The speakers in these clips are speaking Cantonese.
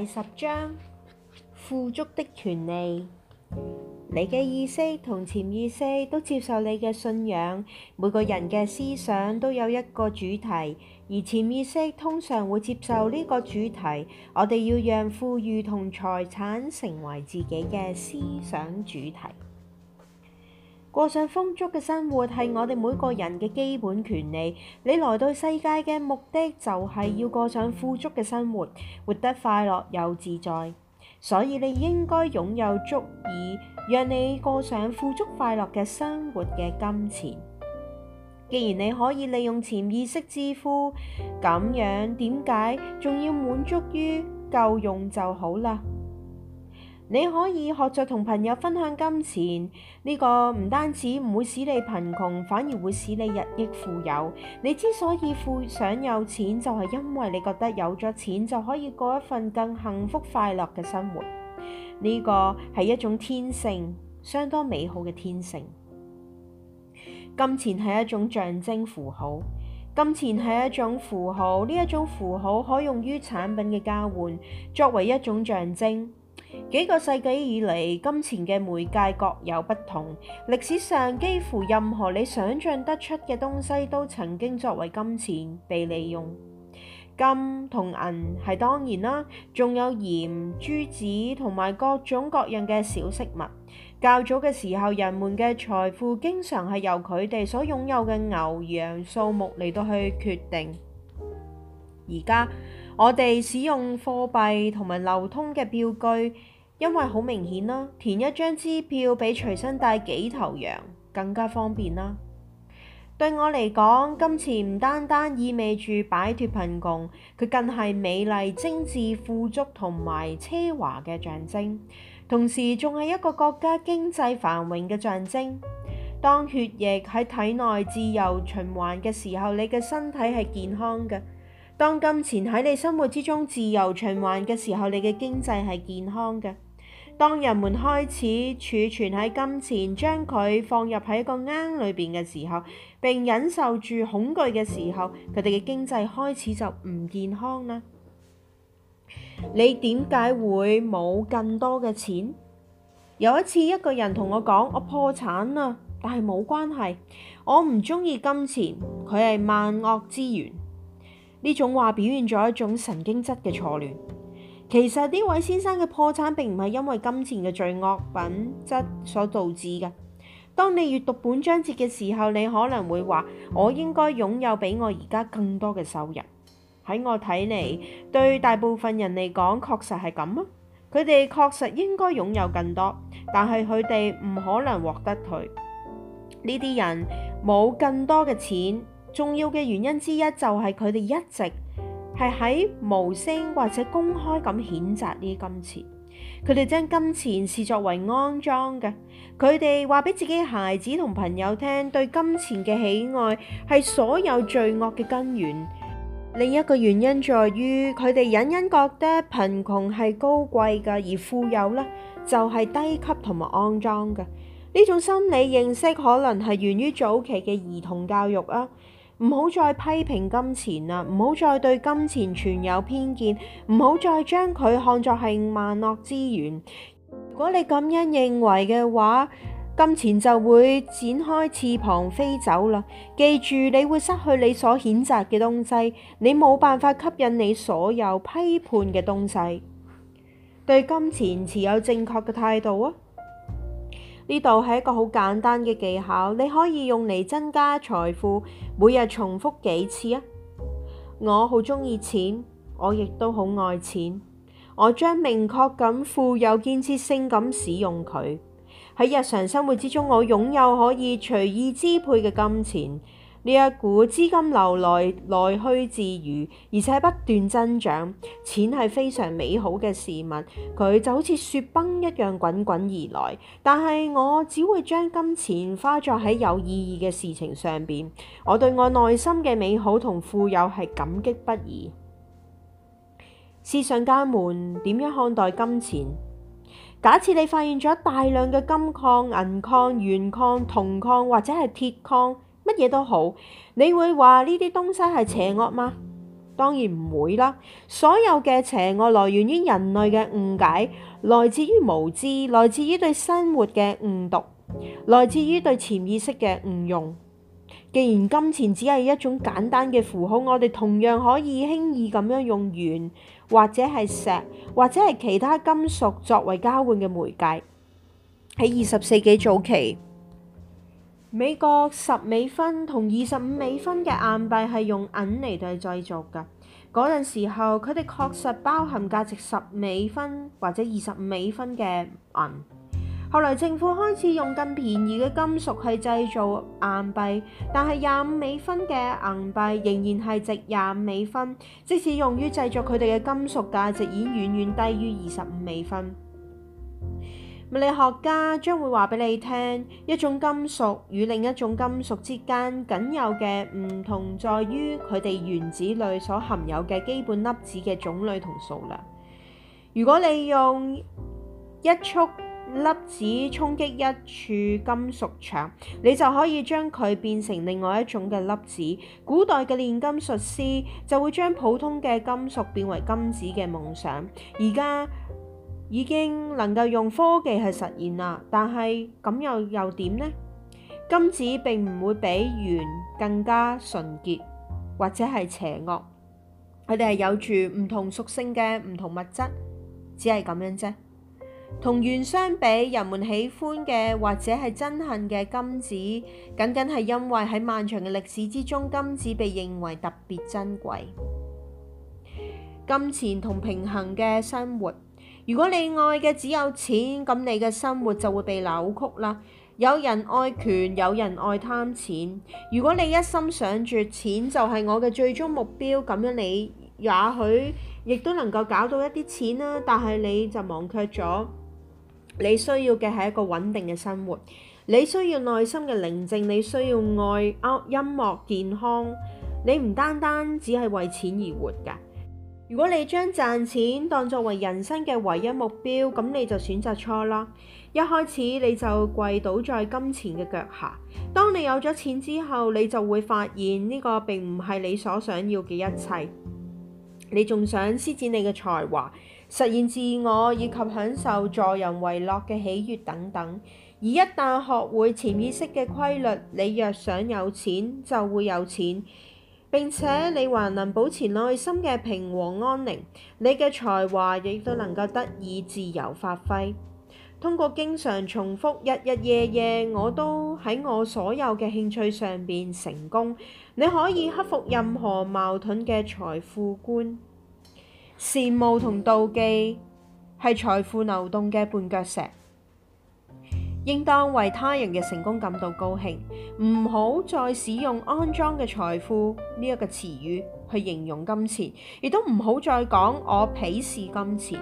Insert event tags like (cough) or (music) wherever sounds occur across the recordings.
第十章：富足的權利。你嘅意識同潛意識都接受你嘅信仰。每個人嘅思想都有一個主題，而潛意識通常會接受呢個主題，我哋要讓富裕同財產成為自己嘅思想主題。過上豐足嘅生活係我哋每個人嘅基本權利。你來到世界嘅目的就係要過上富足嘅生活，活得快樂又自在。所以你應該擁有足以讓你過上富足快樂嘅生活嘅金錢。既然你可以利用潛意識致富，咁樣點解仲要滿足於夠用就好啦？你可以學着同朋友分享金錢。呢個唔單止唔會使你貧窮，反而會使你日益富有。你之所以富想有錢，就係因為你覺得有咗錢就可以過一份更幸福快樂嘅生活。呢個係一種天性，相當美好嘅天性。金錢係一種象徵符號，金錢係一種符號，呢一種符號可用於產品嘅交換，作為一種象徵。幾個世紀以來，金錢嘅媒介各有不同。歷史上幾乎任何你想象得出嘅東西都曾經作為金錢被利用。金同銀係當然啦，仲有鹽、珠子同埋各種各樣嘅小飾物。較早嘅時候，人們嘅財富經常係由佢哋所擁有嘅牛羊數目嚟到去決定。而家。我哋使用貨幣同埋流通嘅票據，因為好明顯啦，填一張支票比隨身帶幾頭羊更加方便啦。對我嚟講，金錢唔單單意味住擺脱貧窮，佢更係美麗、精緻、富足同埋奢華嘅象徵，同時仲係一個國家經濟繁榮嘅象徵。當血液喺體內自由循環嘅時候，你嘅身體係健康嘅。當金錢喺你生活之中自由循環嘅時候，你嘅經濟係健康嘅。當人們開始儲存喺金錢，將佢放入喺一個罌裏邊嘅時候，並忍受住恐懼嘅時候，佢哋嘅經濟開始就唔健康啦。你點解會冇更多嘅錢？有一次，一個人同我講：我破產啦，但係冇關係，我唔中意金錢，佢係萬惡之源。呢種話表現咗一種神經質嘅錯亂。其實呢位先生嘅破產並唔係因為金錢嘅罪惡品質所導致嘅。當你閲讀本章節嘅時候，你可能會話：我應該擁有比我而家更多嘅收入。喺我睇嚟，對大部分人嚟講，確實係咁啊。佢哋確實應該擁有更多，但係佢哋唔可能獲得佢。呢啲人冇更多嘅錢。重要嘅原因之一就係佢哋一直係喺無聲或者公開咁譴責呢啲金錢，佢哋將金錢視作為骯髒嘅。佢哋話俾自己孩子同朋友聽，對金錢嘅喜愛係所有罪惡嘅根源。另一個原因在於佢哋隱隱覺得貧窮係高貴嘅，而富有呢就係低級同埋骯髒嘅。呢種心理認識可能係源於早期嘅兒童教育啊。唔好再批評金錢啦，唔好再對金錢存有偏見，唔好再將佢看作係萬惡之源。如果你咁樣認為嘅話，金錢就會展開翅膀飛走啦。記住，你會失去你所譴責嘅東西，你冇辦法吸引你所有批判嘅東西。對金錢持有正確嘅態度啊！呢度係一個好簡單嘅技巧，你可以用嚟增加財富，每日重複幾次啊！我好鍾意錢，我亦都好愛錢，我將明確咁富有建設性咁使用佢。喺日常生活之中，我擁有可以隨意支配嘅金錢。呢一股資金流來來去自如，而且不斷增長。錢係非常美好嘅事物，佢就好似雪崩一樣滾滾而來。但係我只會將金錢花作喺有意義嘅事情上邊。我對我內心嘅美好同富有係感激不已。 (music) 思想家們點樣看待金錢？假設你發現咗大量嘅金礦、銀礦、鉛礦、銅礦，銅礦，銅礦或者係鐵礦。乜嘢都好，你會話呢啲東西係邪惡嗎？當然唔會啦。所有嘅邪惡來源於人類嘅誤解，來自於無知，來自於對生活嘅誤讀，來自於對潛意識嘅誤用。既然金錢只係一種簡單嘅符號，我哋同樣可以輕易咁樣用元或者係石或者係其他金屬作為交換嘅媒介。喺二十世紀早期，美國十美分同二十五美分嘅硬幣係用銀嚟對製作㗎。嗰陣時候，佢哋確實包含價值十美分或者二十五美分嘅銀。後來政府開始用更便宜嘅金屬去製造硬幣，但係廿五美分嘅硬幣仍然係值廿五美分，即使用於製造佢哋嘅金屬價值已遠遠低於二十五美分。物理學家將會話俾你聽，一種金屬與另一種金屬之間僅有嘅唔同，在於佢哋原子裏所含有嘅基本粒子嘅種類同數量。如果你用一束粒子衝擊一處金屬牆，你就可以將佢變成另外一種嘅粒子。古代嘅煉金術師就會將普通嘅金屬變為金子嘅夢想。而家，已經能夠用科技去實現啦，但係咁又又點呢？金子並唔會比鉛更加純潔，或者係邪惡。佢哋係有住唔同屬性嘅唔同物質，只係咁樣啫。同鉛相比，人們喜歡嘅或者係憎恨嘅金子，僅僅係因為喺漫長嘅歷史之中，金子被認為特別珍貴。金錢同平衡嘅生活。如果你愛嘅只有錢，咁你嘅生活就會被扭曲啦。有人愛權，有人愛貪錢。如果你一心想住錢就係、是、我嘅最終目標，咁樣你也許亦都能夠搞到一啲錢啦。但係你就忘卻咗你需要嘅係一個穩定嘅生活，你需要內心嘅寧靜，你需要愛、音音樂、健康。你唔單單只係為錢而活噶。如果你將賺錢當作為人生嘅唯一目標，咁你就選擇錯啦。一開始你就跪倒在金錢嘅腳下。當你有咗錢之後，你就會發現呢個並唔係你所想要嘅一切。你仲想施展你嘅才華，實現自我，以及享受助人為樂嘅喜悅等等。而一旦學會潛意識嘅規律，你若想有錢，就會有錢。並且你還能保持內心嘅平和安寧，你嘅才華亦都能夠得以自由發揮。通過經常重複，日日夜夜，我都喺我所有嘅興趣上面成功。你可以克服任何矛盾嘅財富觀，羨慕同妒忌係財富流動嘅絆腳石。應當為他人嘅成功感到高興，唔好再使用“安裝嘅財富”呢一個詞語去形容金錢，亦都唔好再講我鄙視金錢。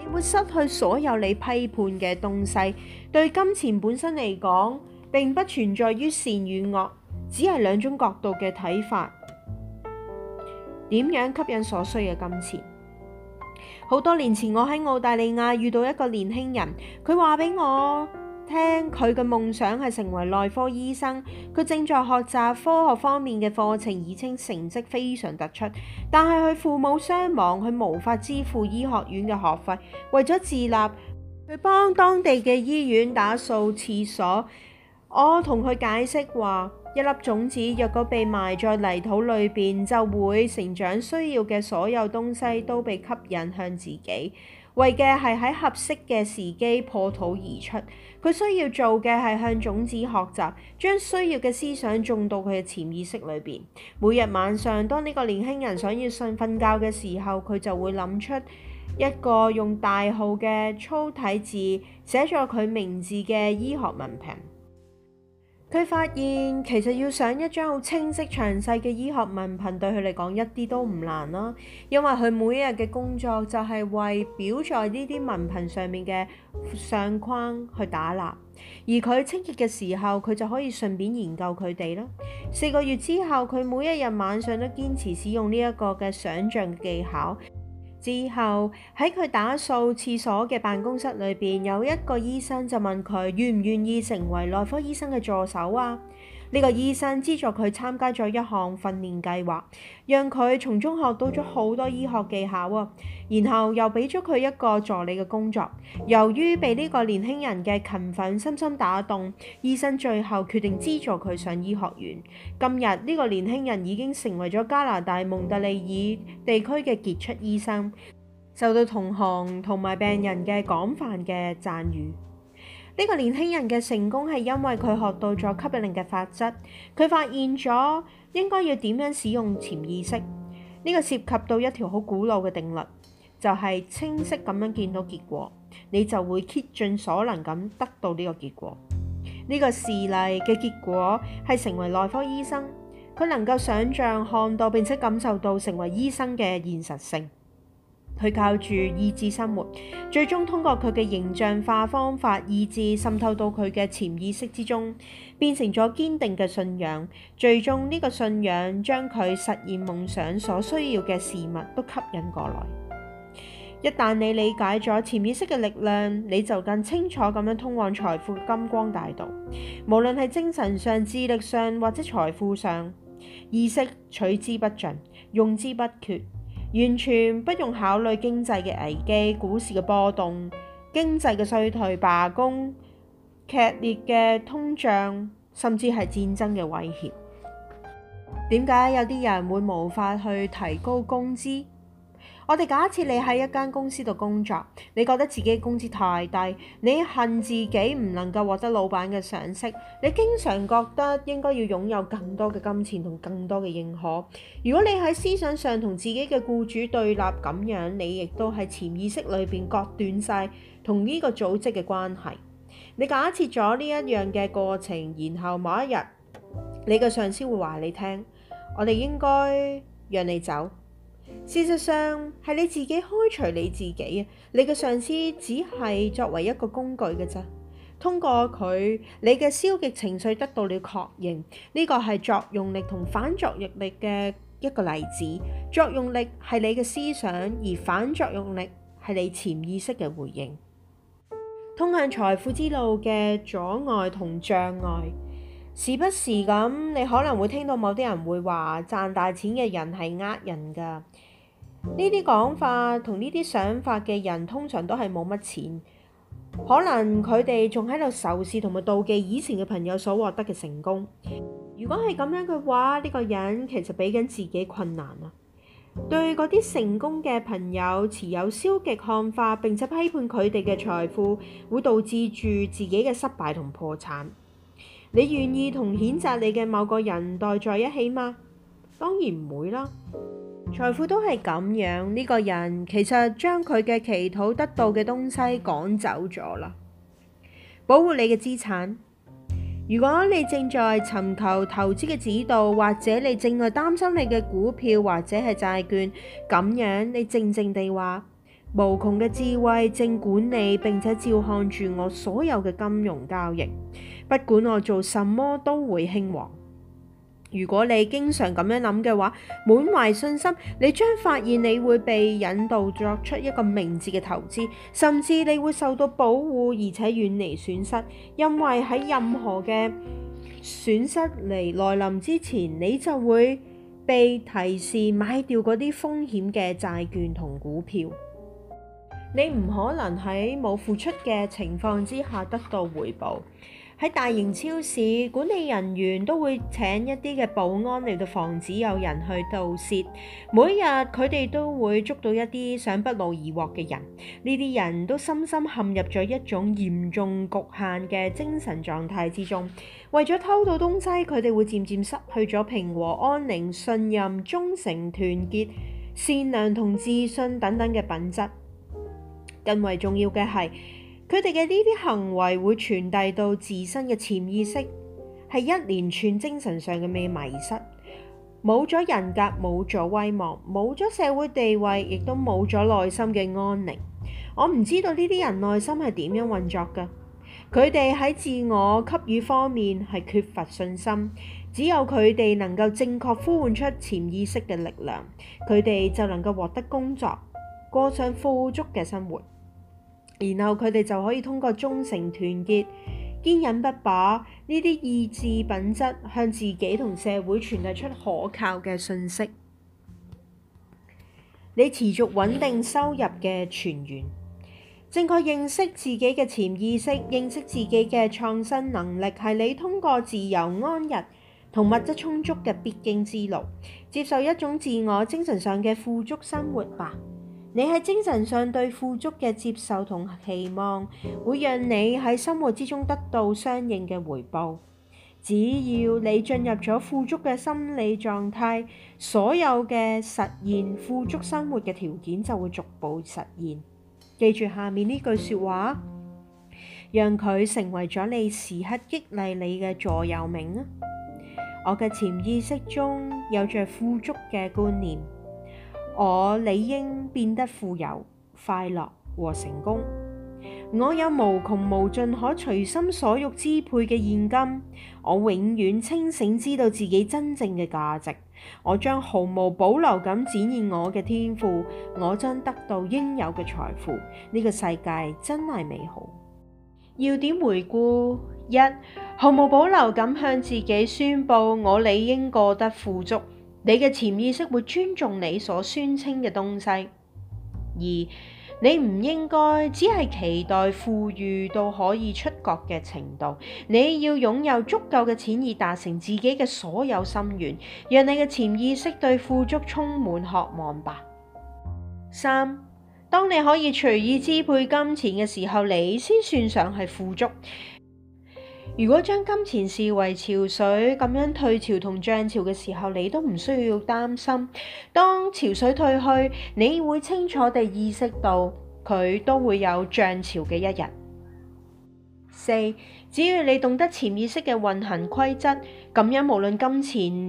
你會失去所有你批判嘅東西。對金錢本身嚟講，並不存在於善與惡，只係兩種角度嘅睇法。點樣吸引所需嘅金錢？好多年前，我喺澳大利亞遇到一個年輕人，佢話俾我。聽佢嘅夢想係成為內科醫生，佢正在學習科學方面嘅課程，已稱成績非常突出。但係佢父母雙亡，佢無法支付醫學院嘅學費，為咗自立，佢幫當地嘅醫院打掃廁所。我同佢解釋話：一粒種子若果被埋在泥土裏邊，就會成長，需要嘅所有東西都被吸引向自己。為嘅係喺合適嘅時機破土而出，佢需要做嘅係向種子學習，將需要嘅思想種到佢嘅潛意識裏邊。每日晚上，當呢個年輕人想要瞓瞓覺嘅時候，佢就會諗出一個用大號嘅粗體字寫咗佢名字嘅醫學文憑。佢發現其實要上一張好清晰、詳細嘅醫學文憑，對佢嚟講一啲都唔難啦。因為佢每一日嘅工作就係為表在呢啲文憑上面嘅相框去打蠟，而佢清潔嘅時候，佢就可以順便研究佢哋咯。四個月之後，佢每一日晚上都堅持使用呢一個嘅想象技巧。之後喺佢打掃廁所嘅辦公室裏邊，有一個醫生就問佢願唔願意成為內科醫生嘅助手啊？呢個醫生資助佢參加咗一項訓練計劃，讓佢從中學到咗好多醫學技巧啊！然後又俾咗佢一個助理嘅工作。由於被呢個年輕人嘅勤奮深深打動，醫生最後決定資助佢上醫學院。今日呢個年輕人已經成為咗加拿大蒙特利爾地區嘅傑出醫生，受到同行同埋病人嘅廣泛嘅讚譽。呢個年輕人嘅成功係因為佢學到咗吸引力嘅法則，佢發現咗應該要點樣使用潛意識。呢個涉及到一條好古老嘅定律，就係清晰咁樣見到結果，你就會竭盡所能咁得到呢個結果。呢個事例嘅結果係成為內科醫生，佢能夠想象、看到並且感受到成為醫生嘅現實性。佢靠住意志生活，最終通過佢嘅形象化方法，意志滲透到佢嘅潛意識之中，變成咗堅定嘅信仰。最終呢個信仰將佢實現夢想所需要嘅事物都吸引過來。一旦你理解咗潛意識嘅力量，你就更清楚咁樣通往財富嘅金光大道。無論係精神上、智力上或者財富上，意識取之不盡，用之不缺。完全不用考慮經濟嘅危機、股市嘅波動、經濟嘅衰退、罷工、劇烈嘅通脹，甚至係戰爭嘅威脅。點解有啲人會無法去提高工資？我哋假設你喺一間公司度工作，你覺得自己工資太低，你恨自己唔能夠獲得老闆嘅賞識，你經常覺得應該要擁有更多嘅金錢同更多嘅認可。如果你喺思想上同自己嘅僱主對立，咁樣，你亦都係潛意識裏邊割斷晒同呢個組織嘅關係。你假設咗呢一樣嘅過程，然後某一日你嘅上司會話你聽，我哋應該讓你走。事實上係你自己開除你自己啊！你嘅上司只係作為一個工具嘅啫，通過佢，你嘅消極情緒得到了確認。呢個係作用力同反作用力嘅一個例子。作用力係你嘅思想，而反作用力係你潛意識嘅回應。通向財富之路嘅阻礙同障礙，時不時咁，你可能會聽到某啲人會話賺大錢嘅人係呃人噶。呢啲講法同呢啲想法嘅人，通常都係冇乜錢，可能佢哋仲喺度仇視同埋妒忌以前嘅朋友所獲得嘅成功。如果係咁樣嘅話，呢個人其實比緊自己困難啦。對嗰啲成功嘅朋友持有消極看法並且批判佢哋嘅財富，會導致住自己嘅失敗同破產。你願意同譴責你嘅某個人待在一起嗎？當然唔會啦。財富都係咁樣，呢、這個人其實將佢嘅祈禱得到嘅東西趕走咗啦。保護你嘅資產。如果你正在尋求投資嘅指導，或者你正在擔心你嘅股票或者係債券，咁樣你靜靜地話，無窮嘅智慧正管理並且照看住我所有嘅金融交易，不管我做什麼都會興旺。如果你經常咁樣諗嘅話，滿懷信心，你將發現你會被引導作出一個明智嘅投資，甚至你會受到保護，而且遠離損失，因為喺任何嘅損失嚟來來臨之前，你就會被提示買掉嗰啲風險嘅債券同股票。你唔可能喺冇付出嘅情況之下得到回報。喺大型超市，管理人員都會請一啲嘅保安嚟到防止有人去盜竊。每日佢哋都會捉到一啲想不勞而獲嘅人。呢啲人都深深陷入咗一種嚴重局限嘅精神狀態之中。為咗偷到東西，佢哋會漸漸失去咗平和、安寧、信任、忠誠、團結、善良同自信等等嘅品質。更為重要嘅係，佢哋嘅呢啲行為會傳遞到自身嘅潛意識，係一連串精神上嘅未迷失，冇咗人格，冇咗威望，冇咗社會地位，亦都冇咗內心嘅安寧。我唔知道呢啲人內心係點樣運作㗎。佢哋喺自我給予方面係缺乏信心，只有佢哋能夠正確呼喚出潛意識嘅力量，佢哋就能夠獲得工作，過上富足嘅生活。然後佢哋就可以通過忠誠、團結、堅忍不拔呢啲意志品質，向自己同社會傳遞出可靠嘅信息。你持續穩定收入嘅泉源，正確認識自己嘅潛意識，認識自己嘅創新能力，係你通過自由安逸同物質充足嘅必經之路。接受一種自我精神上嘅富足生活吧。你喺精神上對富足嘅接受同期望，會讓你喺生活之中得到相應嘅回報。只要你進入咗富足嘅心理狀態，所有嘅實現富足生活嘅條件就會逐步實現。記住下面呢句說話，讓佢成為咗你時刻激勵你嘅座右銘啊！我嘅潛意識中有着富足嘅觀念。我理應變得富有、快樂和成功。我有無窮無盡可隨心所欲支配嘅現金。我永遠清醒知道自己真正嘅價值。我將毫無保留咁展現我嘅天賦。我將得到應有嘅財富。呢個世界真係美好。要點回顧：一、毫無保留咁向自己宣布，我理應過得富足。你嘅潛意識會尊重你所宣稱嘅東西，二、你唔應該只係期待富裕到可以出國嘅程度。你要擁有足夠嘅錢以達成自己嘅所有心願，讓你嘅潛意識對富足充滿渴望吧。三，當你可以隨意支配金錢嘅時候，你先算上係富足。如果將金錢視為潮水，咁樣退潮同漲潮嘅時候，你都唔需要擔心。當潮水退去，你會清楚地意識到佢都會有漲潮嘅一日。四，只要你懂得潛意識嘅運行規則，咁樣無論金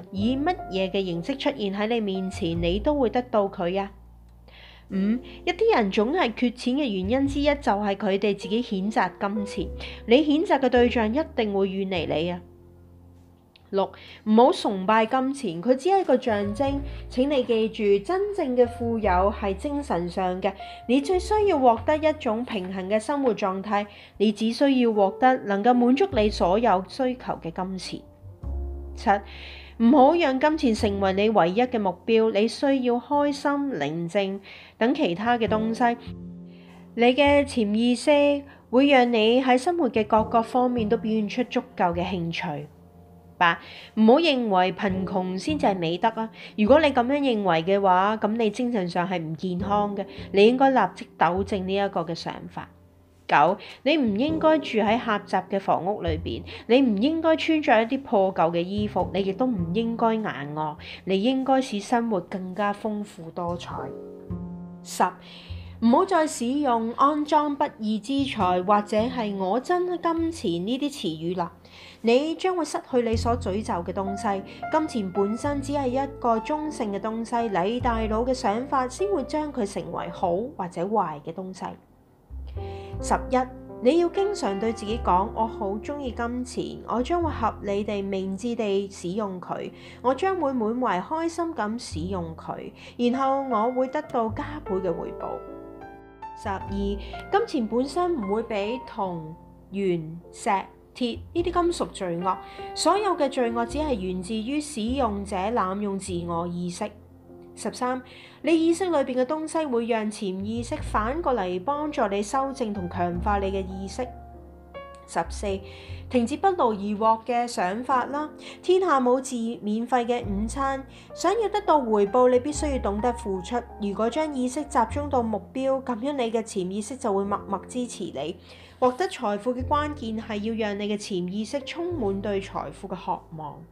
錢以乜嘢嘅形式出現喺你面前，你都會得到佢啊！五、一啲人總係缺錢嘅原因之一就係佢哋自己譴責金錢。你譴責嘅對象一定會遠離你啊。六、唔好崇拜金錢，佢只係一個象徵。請你記住，真正嘅富有係精神上嘅。你最需要獲得一種平衡嘅生活狀態。你只需要獲得能夠滿足你所有需求嘅金錢。七。唔好讓金錢成為你唯一嘅目標，你需要開心、寧靜等其他嘅東西。你嘅潛意識會讓你喺生活嘅各個方面都表現出足夠嘅興趣。八、唔好認為貧窮先至係美德啊！如果你咁樣認為嘅話，咁你精神上係唔健康嘅，你應該立即糾正呢一個嘅想法。九，你唔應該住喺狹窄嘅房屋裏邊，你唔應該穿着一啲破舊嘅衣服，你亦都唔應該挨餓，你應該使生活更加豐富多彩。十，唔好再使用安裝不義之財或者係我真金錢呢啲詞語啦，你將會失去你所詛咒嘅東西。金錢本身只係一個中性嘅東西，你大佬嘅想法先會將佢成為好或者壞嘅東西。十一，你要經常對自己講：我好中意金錢，我將會合理地、明智地使用佢，我將會滿懷開心咁使用佢，然後我會得到加倍嘅回報。十二，金錢本身唔會俾銅、鉛、石、鐵呢啲金屬罪惡，所有嘅罪惡只係源自於使用者濫用自我意識。十三，你意識裏邊嘅東西會讓潛意識反過嚟幫助你修正同強化你嘅意識。十四，停止不勞而獲嘅想法啦！天下冇自免費嘅午餐，想要得到回報，你必須要懂得付出。如果將意識集中到目標，咁樣你嘅潛意識就會默默支持你。獲得財富嘅關鍵係要讓你嘅潛意識充滿對財富嘅渴望。